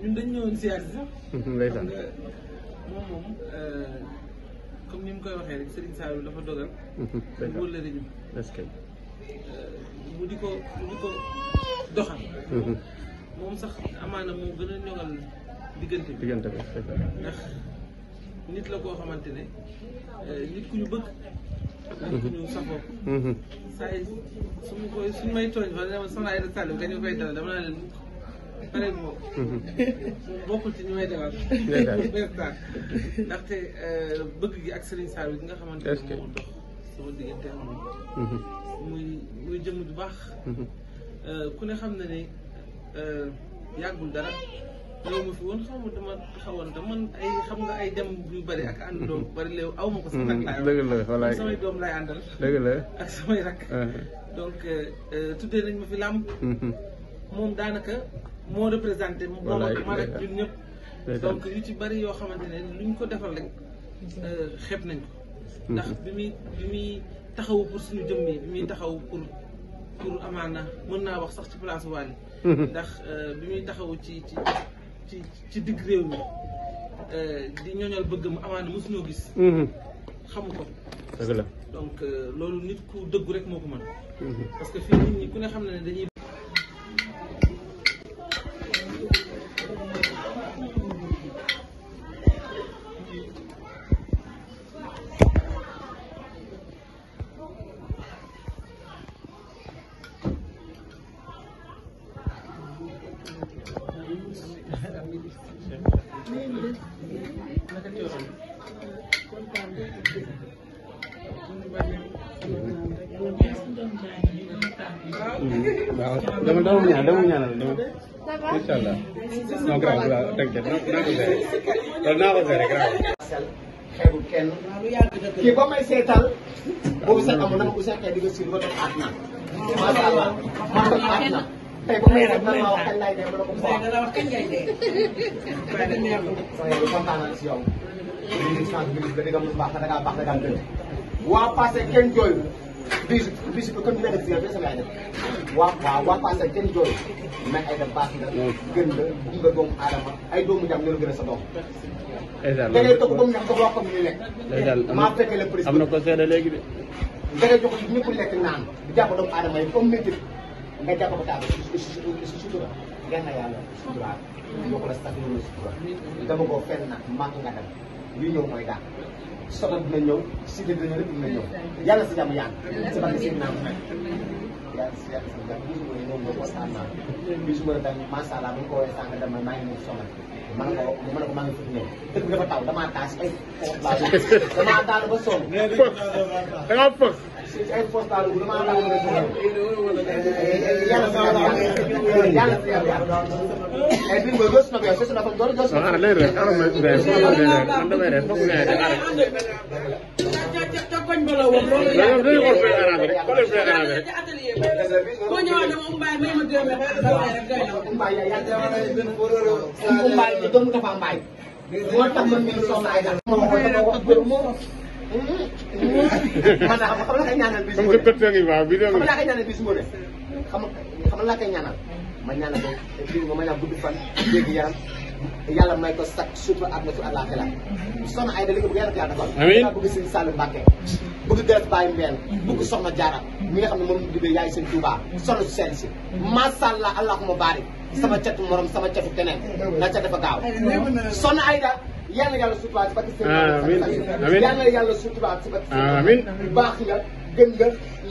ñun dañ ñëwoon siyaar si sax. moom moom euh, comme ni mu koy waxee rek Serigne Saliou dafa dogal. Euh, mu di ko mu di ko doxal. Mm-hmm. moom sax amaana moo gën a ñogal diggante bi. diggante bi nit la koo xamante ne euh, nit ku ñu bëgg. daanaka ñu safoo saa yi su ma koy suñ may tooñ fa dama soxna ay sall bi kañ koy dal dama naa leen pare moom bokkul ci ñu may defal bees daal ndaxte bëgg gi ak Serigne Sall bi nga xamante ne moo dox sama diggante moom muy muy jëmm bu baax ku ne xam na ne yàggul dara loolu ma fi woon xaw ma dama xawoon te man ay xam nga ay dem yu bëri ak ànd doom bëri léew aw ma ko sax mm, nag laay samay doom laay àndal dëgg la ak samay rak ah. donc euh, tuddee nañ ma fi làmb mm-hmm. moom daanaka moo représenté moom ak man ak ñëpp donc yu ci bëri yoo xamante ne luñ ko defal rek euh, xeeb nañ ko mm-hmm. ndax bi muy bi muy taxaw pour suñu jëmm taxaw pour pour mën naa wax sax ci place Wally mm-hmm. ndax euh, bi muy taxaw ci ci ci ci digg réew mi euh, di bëgg bëggam amaana mosuñoo gis. Mhm. xamu ko. dëgg donc euh, loolu nit ku dëggu rek moo ko mën. Mhm. parce que fii nit ku ne xam ne dañuy. incha allah non grave la tënk naa ko gérer loolu naa ko gérer grave. xeebu kenn kii ba may seetal boobu sax amul nag bu seetee di nga suivre ba def aat na macha allah ma def aat na tey bu may seetal ma wax kañ lay dee ma ne ko bu baax. waaye kontaan naa si yow. ministre bi ministre bi da nga mën baax da ngaa baax da ngaa gën waa passé kenn jooyu. bisu bisu ko comme ni nga def yow sa laay def waa waa waa Passy kenn jooy mais ay da baax la. gën la dimbali doomu aadama ay doomu jàmm ñoo gën a sa doom. da ngay toog ba mu nekk loo xam ne nekk. maa fekkee la président am na ko seede léegi de. da ngay jox ñëpp lekk naan di jàpp doomu aadama yi comme métier nga jàpp ko taal su su su sutura yàlla suturaal. yokk la sax loolu sutura. dama ko fenn nag màgg nga dem. lii ñëw mooy daal soxla dina ñëw si dina ñëw lépp dina ñëw yàlla si jàmm yàgg si barke si naam yàlla si yàlla si jàmm bisu mën a ñëw ñëw waxtaan naa bisu mën a tam macha allah bu ñu ko woowee sànq dama maa ngi nekk soxna man ko man maa ngi fi ñëw dëkk bi dafa taw damaa taas ay foofu laa damaa ay postal bu ma laal nga yàlla sa yàlla yàlla sa yàlla ay bin boy gos pakay sesu na fa dor gos ah leer rek am na ngay sama ma leer man damay rek bokk ngay rek Mbaye ci doomu Tafa Mbaye moo tax man mii soxna ay dal man naa xam nga laa koy ñaanal bis. comme que tëtëg bi dégg nga xam nga laa koy ñaanal bis mu ne. xam nga xam nga laa koy ñaanal. ma ñaanal ko fii nga ma ñaan gudd fan dégg yaram yàlla may ko sax sutura ak nature àllaaxira soxna Aida li nga bëgg yàlla ko yàlla defal. amiin yàlla bëgg Sëriñ Saliou Mbacke. bëgg Dérét Baye Mbène. bëgg Soxna Diarra mi nga xam ne moom la ñu yaay Sëriñ Touba. soxna su seen si. macha allah allahumma barik. sama catu morom sama catu keneen. na ca dafa gaaw. soxna Aida yal na yàlla suturaat si ba gis. amiin amiin na yàlla suturaat si ba gis. amiin baax nga gën nga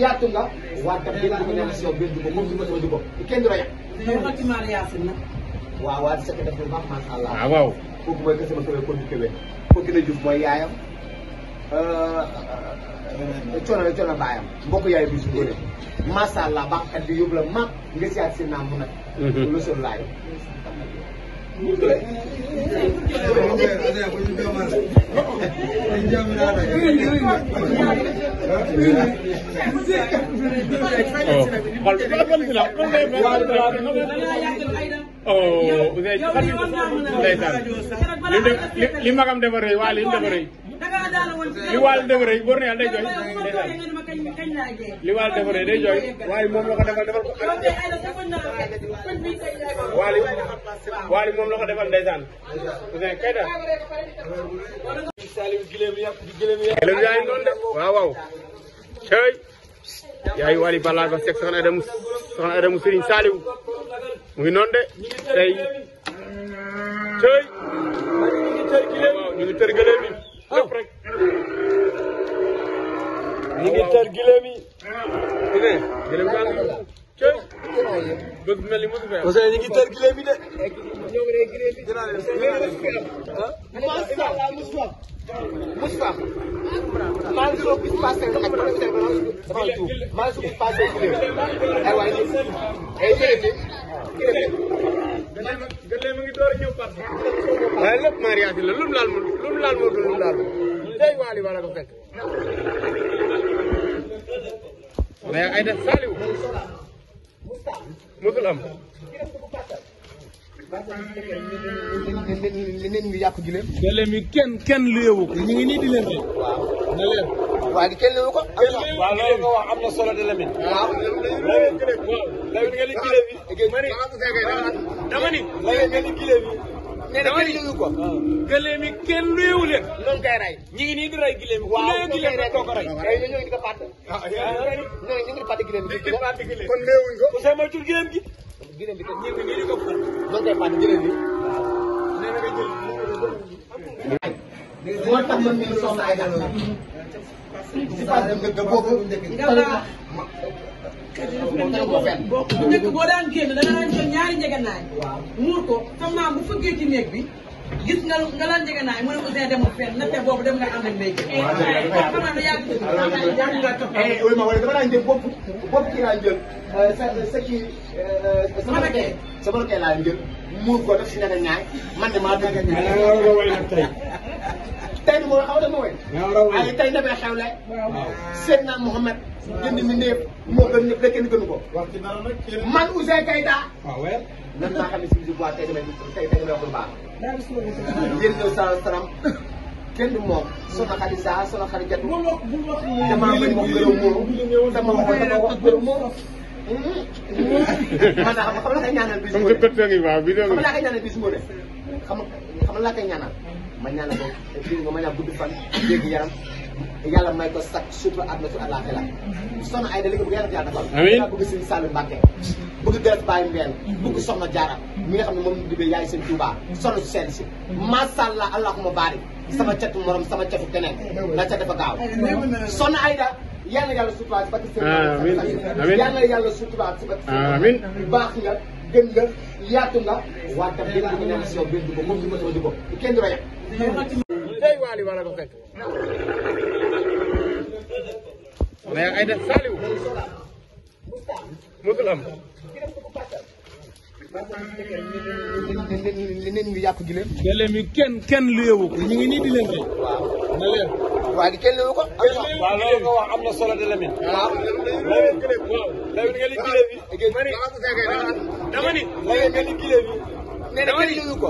yaatu nga. waaw tamit dinaa ko ñaanal si yow benn dugub moom du ma sama dugub kenn du la waaw waaw di sekk def lu baax macha waaw ah, waaw. kooku mooy kese ma sawee kooku kéwee. kooku yaayam. Euh, euh, coono baayam mbokk yaay bi su góore macha si naam mu nag. Mhm. lu sori laay. li magam dafa rëy waa li mu dafa rëy li waa li dafa rëy góor na yàlla day jooy li waal defaree day jooy la defal defal waali waali moom la ko defal ndeysaan Ouzin Keita gëlëm de waaw waaw cëy yaay waali balaa ko sek soxna Adamu soxna Adamu Serigne mu ngi noonu de tey cëy ñu ngi tër gëlëm ñu ngi tar gileem yi. gileem gileem gaa ngi cëy bëgg mel ni mosu fee. parce que ñu ngi tar gileem yi de. Moustapha maa ngi soog bis passé ak ma nekk dafa am tuub maa ngi soog bis passé gileem ay waay ñu ay gileem bi gileem gileem mi ngi door a ñëw parce que waaye lépp mariage la lu mu laal mu lu mu laal moo dul lu mu laal tey waali wala ko fekk mais ay def Saliou musul am nen ñu yàq gileem gileem yi kenn kenn léewu ko ñu ngi nii di leen de na di kenn léewu ko waaw loolu ko wax am na solo de Lamine waaw Lamine nga li gileem yi dama ni Lamine nga li nee na kenn yëngu ko. gëléem yi kenn luyewu leen. noonu kay rey. ñu ngi nii di rey gëléem. waaw ñu ngi leen ko rey. ñu ngi di ko fàtte. Ah, ñu ngi fàtte gëléem gi. kon léewuñ ko. Ousseyn mooy tur gëléem gi. gëléem bi kat ñu ngi nii di ko fàtte. noonu kay fàtte gëléem bi. nee na nga jël moo tax man mii soxna ay dara. si bu njëkk boo daan génn da nga daan jël ñaari njëgënaay muur ko sa maam bu fëggee ci néeg bi gis nga nga la njëgënaay mu ne Ouzin demul fenn na te boobu dem nga ànd ak mbay mi. waaw eh, dama daan jël bopp bopp kii laa jël euh, sa sa kii. Euh, sama kee sama kee laa jël muur ko def si njëgënaay man de maa dëgg. tey du ma xaw dama woy. tey dafay xewle. seen naa Mouhamed. jënd mi néeg moo gën ñëpp kenn gënu ko. wax ci dara nag man Ouzin Keita. waaw ah weer. nan laa xam ne si musique bu baax tey damay tey damay wax lu baax. daa sa saram kenn du moom. soxna Xadisa soxna Xadijatu. bu wax bu wax damaa mën wax gën a wóoru. sama wax dama wax gën a wóoru. man laa koy ñaanal bis. comme que kër bi déglu xam nga laa koy ñaanal bis mu ne. xam nga xam nga laa koy ñaanal. ma ñaanal ko ma ñaan gudd fan dégg yaram yàlla may ko sakk surtout àdduna su àllaaxira soxna Aida li yàlla jaar na ko amiin bëgg Serigne Saliou Mbacké bëgg deret bàyyi mbeen bëgg soxna xam ne moom dibee yaay seen Touba soxna su seen si masàllaa allahuma baari sama catu morom sama catu keneen na ca dafa gaaw soxna Aida yàlla yàlla sutura si bakk Serigne yàlla yàlla sutura si bakk Serigne baax nga gën nga yaatu nga waaye tam li nga ko ñaan si yow benn jubóo moom jubóo sama jubóo kenn du la yem day waali wala ko fekk mais ay def saaliw musul am li nit ñi yàqu gileem gileem yi kenn kenn luyewu ko ñu ngi nii di leen fay na leen waaye di kenn luyewu ko waaw loolu nga wax am na solo de Lamine waaw Lamine gileem waaw Lamine nga li gileem yi dama ni dama ni gileem yi nee na kenn luyu ko.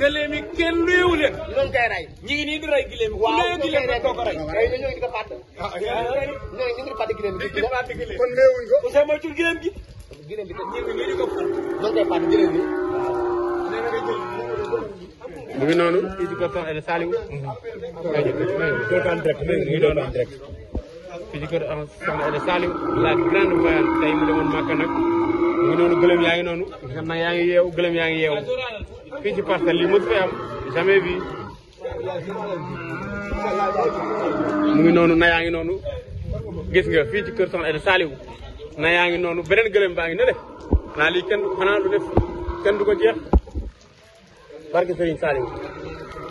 gëléem yi kenn luyu leen. ñu doon koy rey. ñu ngi nii di rey gëléem yi. waaw ñu ah, ngi koy rey waaye ñoo ngi ko fàtt. ñoo ngi ko fàtt gëléem gi. kon léewuñ ko. Ousseyn mooy tur gëléem gi. gëléem bi tam ñebe ñu ko fàtt. ñoo ngi koy fàtt gëléem gi. mu ngi noonu. fii ci kër El Saliou. fii ci kër Soxna El Saliou. la grande voyante tey mu demoon Màkka nag. mu ngi noonu gëlëm yaa ngi noonu xam naa fii ci Parcelles lii mos fi am jamais bi mu ngi noonu na yaa ngi noonu gis nga fii ci kër Soxna Aida Saliou na yaa ngi noonu beneen gëlëm baa ngi ne de naa lii kenn xanaa lu def kenn du ko jeex barke Serigne Saliou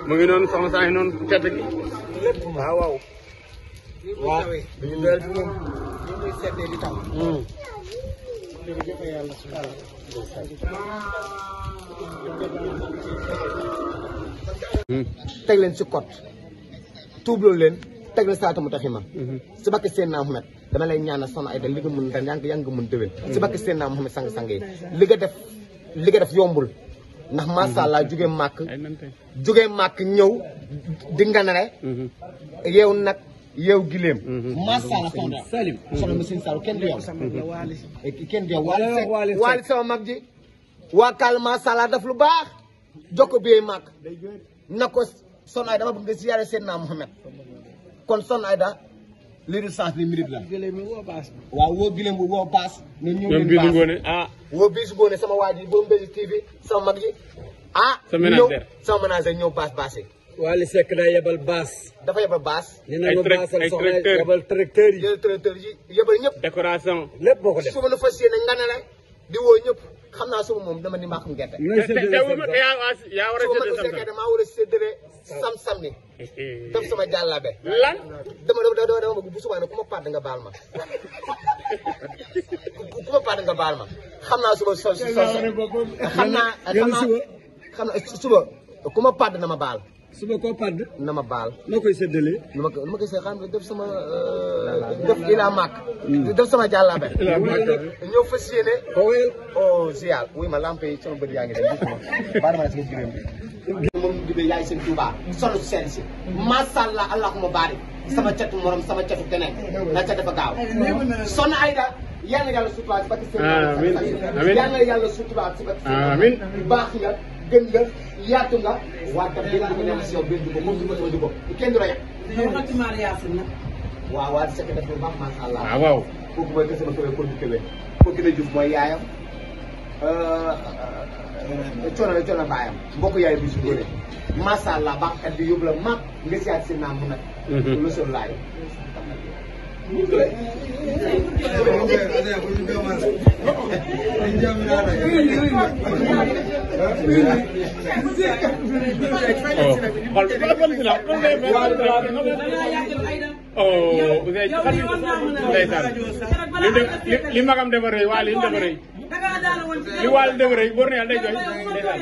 mu ngi noonu soxna saa ngi noonu tedd gi waaw waaw waaw jërëjëf yàlla suñu leen si code tuubloo leen teg leen saata mu taxi ma. Mhm. si bakk seen naa Muhammad dama lay ñaanal soxna ay li nga mun ren yaa ngi mën déwén. Mhm. si bakk seen naa Muhammad sang-sang yi li nga def li def yombul. ndax macha allah mhm. jugee màkk. jugee màkk ñëw di nga ne. yeew nag. yow gileem. Mhm. maasàllaa mhm. Fonda. Mhm. Salim soxna Moussine Sall kenn sama mag ji. waa Kaal maasàllaa daf lu baax. jokko bi màgg na ko Soxna Aida dama bëgg nga ziyaare Seydina Mohamed kon Soxna Aida li du sens bi mérite la. waaw woo gileem woo baas. ñu ñëw leen baas ñoom ah. sama waa ji boo mbéy TV sama mag ji ah. sa sama ménagère ñëw baas baas yi Wally Seck daa yebal baas. dafa yebal baas. ay ay tracteurs nee na ma yebal tracteurs yi. yebal tracteurs yi ñëpp. suba la fas yéene nga ne di woo ñëpp xam naa suba moom dama ni maa xam gerte. ñu ngi séddale te te yaa war a séddale sam sam maa war a séddale sam sam ni. def sama jàllabe. lan dama dama dama bu subaa ne ku ma padd nga baal ma. ku ma padd nga baal ma xam naa suba sol sol xam naa xam naa xam naa suba ku ma padd na ma baal. su ma koo padd na ma baal noo koy séddalee nu ma nu ma koy xam def sama euh, def ilaa màkk mm. def sama jàllaabe ñëw fas yéene ba wéyal o oh, ziar wuy ma lampe yi sama bët yaa ngi dem baarama ne si nga jigéen bi moom dibee yaay seen Tuubaa solu seen si masha Allah allahuma baari sama catu morom sama catu keneen na ca dafa gaaw sonn Aïda yal na yàlla suturaat si bakki seen yal na yàlla suturaat si bakki seen baax nga gën nga yaatu nga waatam yéen ko nekk si yow biir dugub moom dugub sama dugub kenn du la waaw waaw Seck dafa baax macha allah. waaw ah, waaw kooku mooy kese ba kawee kooku kawee kooku la Diouf mooy yaayam. Euh, euh, coono la coono baayam mbokk yaay bi su góore macha allah baaxkat yóbbu la mag nga siyaat si naam nag. Mhm. lu sori laay. Oh, li magam dafa rëy waa li mu dafa rëy li waal def rek bor na yàlla day jooy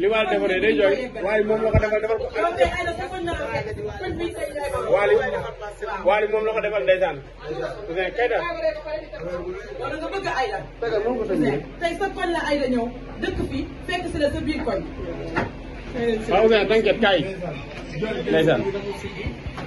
li waal def rek day jooy waaye moom la ko defal defal ko waali waali moom la ko defal ndeysaan kayta wala nga bëgg ayda tey sa koñ la ayda ñëw dëkk fi fekk si la sa biir koñ waaw Ousmane t'inquiète kaay ndeysaan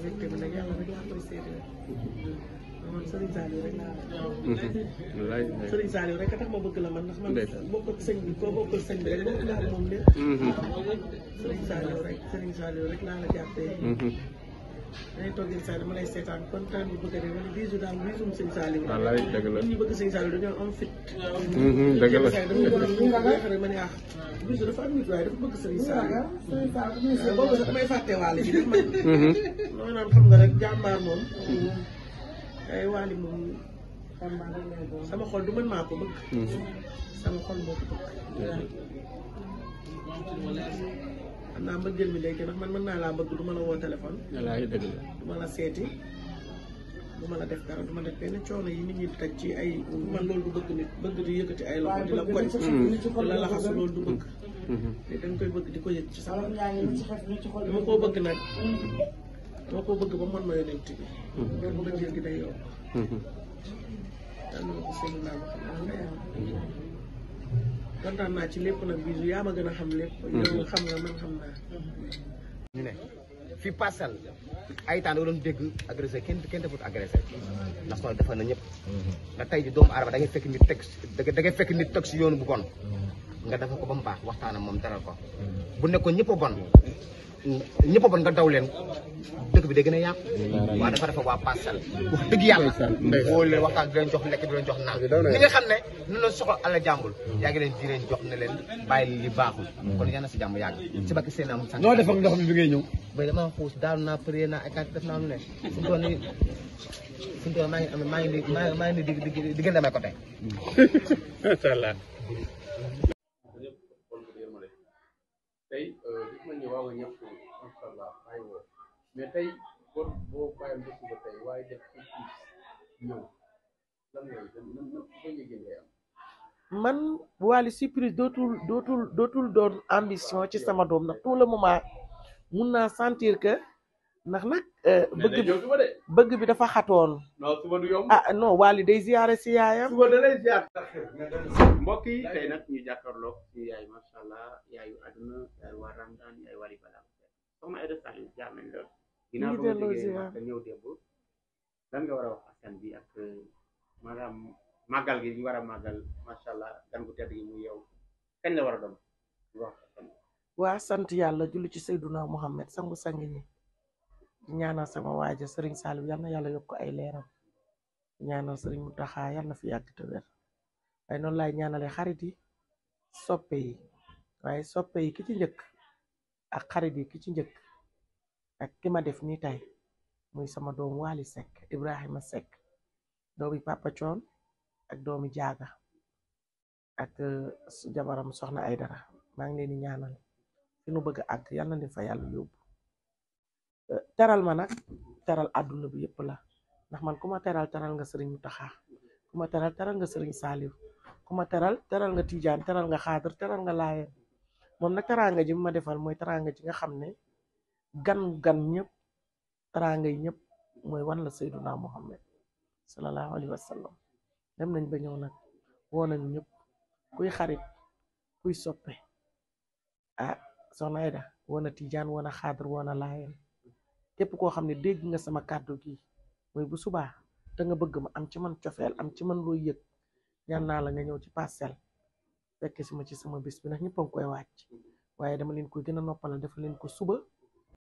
mbégte bi nag yàlla rek laa koy seetee. man Serigne Saliou rek laa. Serigne Saliou rek a tax ma bëgg la man ndax man. bokkul sëñ bi koo bokkul sëñ bi rek bokkul ak moom lépp. Serigne Saliou rek Serigne Saliou rek laa la jàppee. Mm-hmm. Mm-hmm. danañ toog yenn saa seetaan kon temps bi bëgg a dee wala bisu daal bisum sëñ Saliou. wallaay dëgg la ñu bëgg sëñ Saliou dañoo am fit. Mhm, dëgg la dama ne ah, dafa am waaye dafa bëgg sëñ Saliou. boobu sax may fàtte waale mhm. moom. sama xol du mën maa ko bëgg. Mhm. sama xol moo ko bëgg. xam naa mbëggeel mi léegi ndax man mën naa laa bëgg duma la woo téléphone. wallaahi dëgg la du ma la seeti. duma la def dara du ma def benn coono yi ni ñi di teg ci ay. man loolu du bëgg nit bëgg di yëkkati ay loxo la koñ. di la laxasu loolu du bëgg. Mhm. te da nga koy di ko yëg ci sama. dama koo bëgg nag. dama koo bëgg ba man ma yónnee bi. loolu mhm. bëggeel gi day yokk. daanaka mhm. seen i naaw xam naa kontaan naa ci lépp nag bisu yaa ma gën a xam lépp. Mm-hmm. yow xam nga man xam naa. Mm-hmm. ñu ne fi parcelle ay temps da doon dégg agressé kenn kenn defut agressé mm-hmm. ndax kon defal na ñëpp. ndax tey ji doomu aadama da ngay fekk nit teg da ngay fekk nit teg si yoonu bu bon. nga defal ko ba mu baax waxtaan ak moom dara ko hmm. bu nekkoon ñëpp a bon ñëpp a bon nga daw leen dëkk bi day gën a yàqu hmm. waaw dafa dafa waa Parcelles wax dëgg yàlla wóolu leen waxtaan di jox lekk di leen jox naan li nga xam ne nu la soxla àlla jàmbul hmm. yaa ngi leen di leen jox ne leen bàyyi li baaxul kon yal na si jàmm yàgg si bakki seen am sànq noo def ak ndox mi bi ngay ñëw bay damaa xuus daanu naa prier naa ay def naa lu ne suñu tool nii maa ngi am maa ngi maa ngi di ko di a tey gis euh, nañu waaw ñëpp man Wally surprise dootul dootul dootul doon ambition ci ah, sama doom ndax tout le moment mun sentir que. ndax nag. Euh, bëgg bi bëgg bi dafa xatoon. non suba du yomb ah si yaayam. suba da ñu jàkkaarloog suñu yaay macha allah yaayu aduna yaay waa Ramadan yaay wari balaa soxna a wax askan bi euh, gi ñu war a màggal macha allah gan gu tedd gi muy yow la war a doon wax askan bi. waa sant yàlla julli ci Seyduna Muhammad sangu sangi ñi ñaanal sama waaja sëriñ Saliou yal na yàlla yokk ay leeram ñaanal sëriñ Mountakha yal na fi yàgg te wér waaye noonu laay ñaanale xarit yi soppe yi waaye soppe yi ki ci njëkk ak xarit yi ki ci njëkk ak ki ma def nii tey muy sama doom Waly Seck Ibrahima Seck doomi Papa Thion ak doomi Jaaga ak euh, jabaram soxna ay dara maa ngi leen di ñaanal fi nu bëgg a àgg yal fa yàlla yóbbu teral ma nag teral àdduna bi yëpp la ndax man ku ma teral teral nga sëriñ Mountakha ku ma teral teral nga sëriñ Saliou ku ma teral teral nga Tidiane teral nga Xaadir teral nga Laayeen moom nag teraanga ji ma defal mooy teraanga ji nga xam ne gan gan ñëpp teraanga yi ñëpp mooy wan la Seyduna Muhammad sallallahu alayhi wa dem nañ ba ñëw nag woo nañu ñëpp kuy xarit kuy soppe ah soxna Aida woon na Tidiane woon na Xaadir woon na képp koo xam ne dégg nga sama kàddu gi mooy bu subaa danga bëgg ma am ci man cofeel am ci man looy yëg ñaan naa la nga ñëw ci parcelle fekk si ma ci sama bis bi ndax ñëpp a ngi koy wàcc waaye dama leen koy gën a noppalal dafa leen ko suba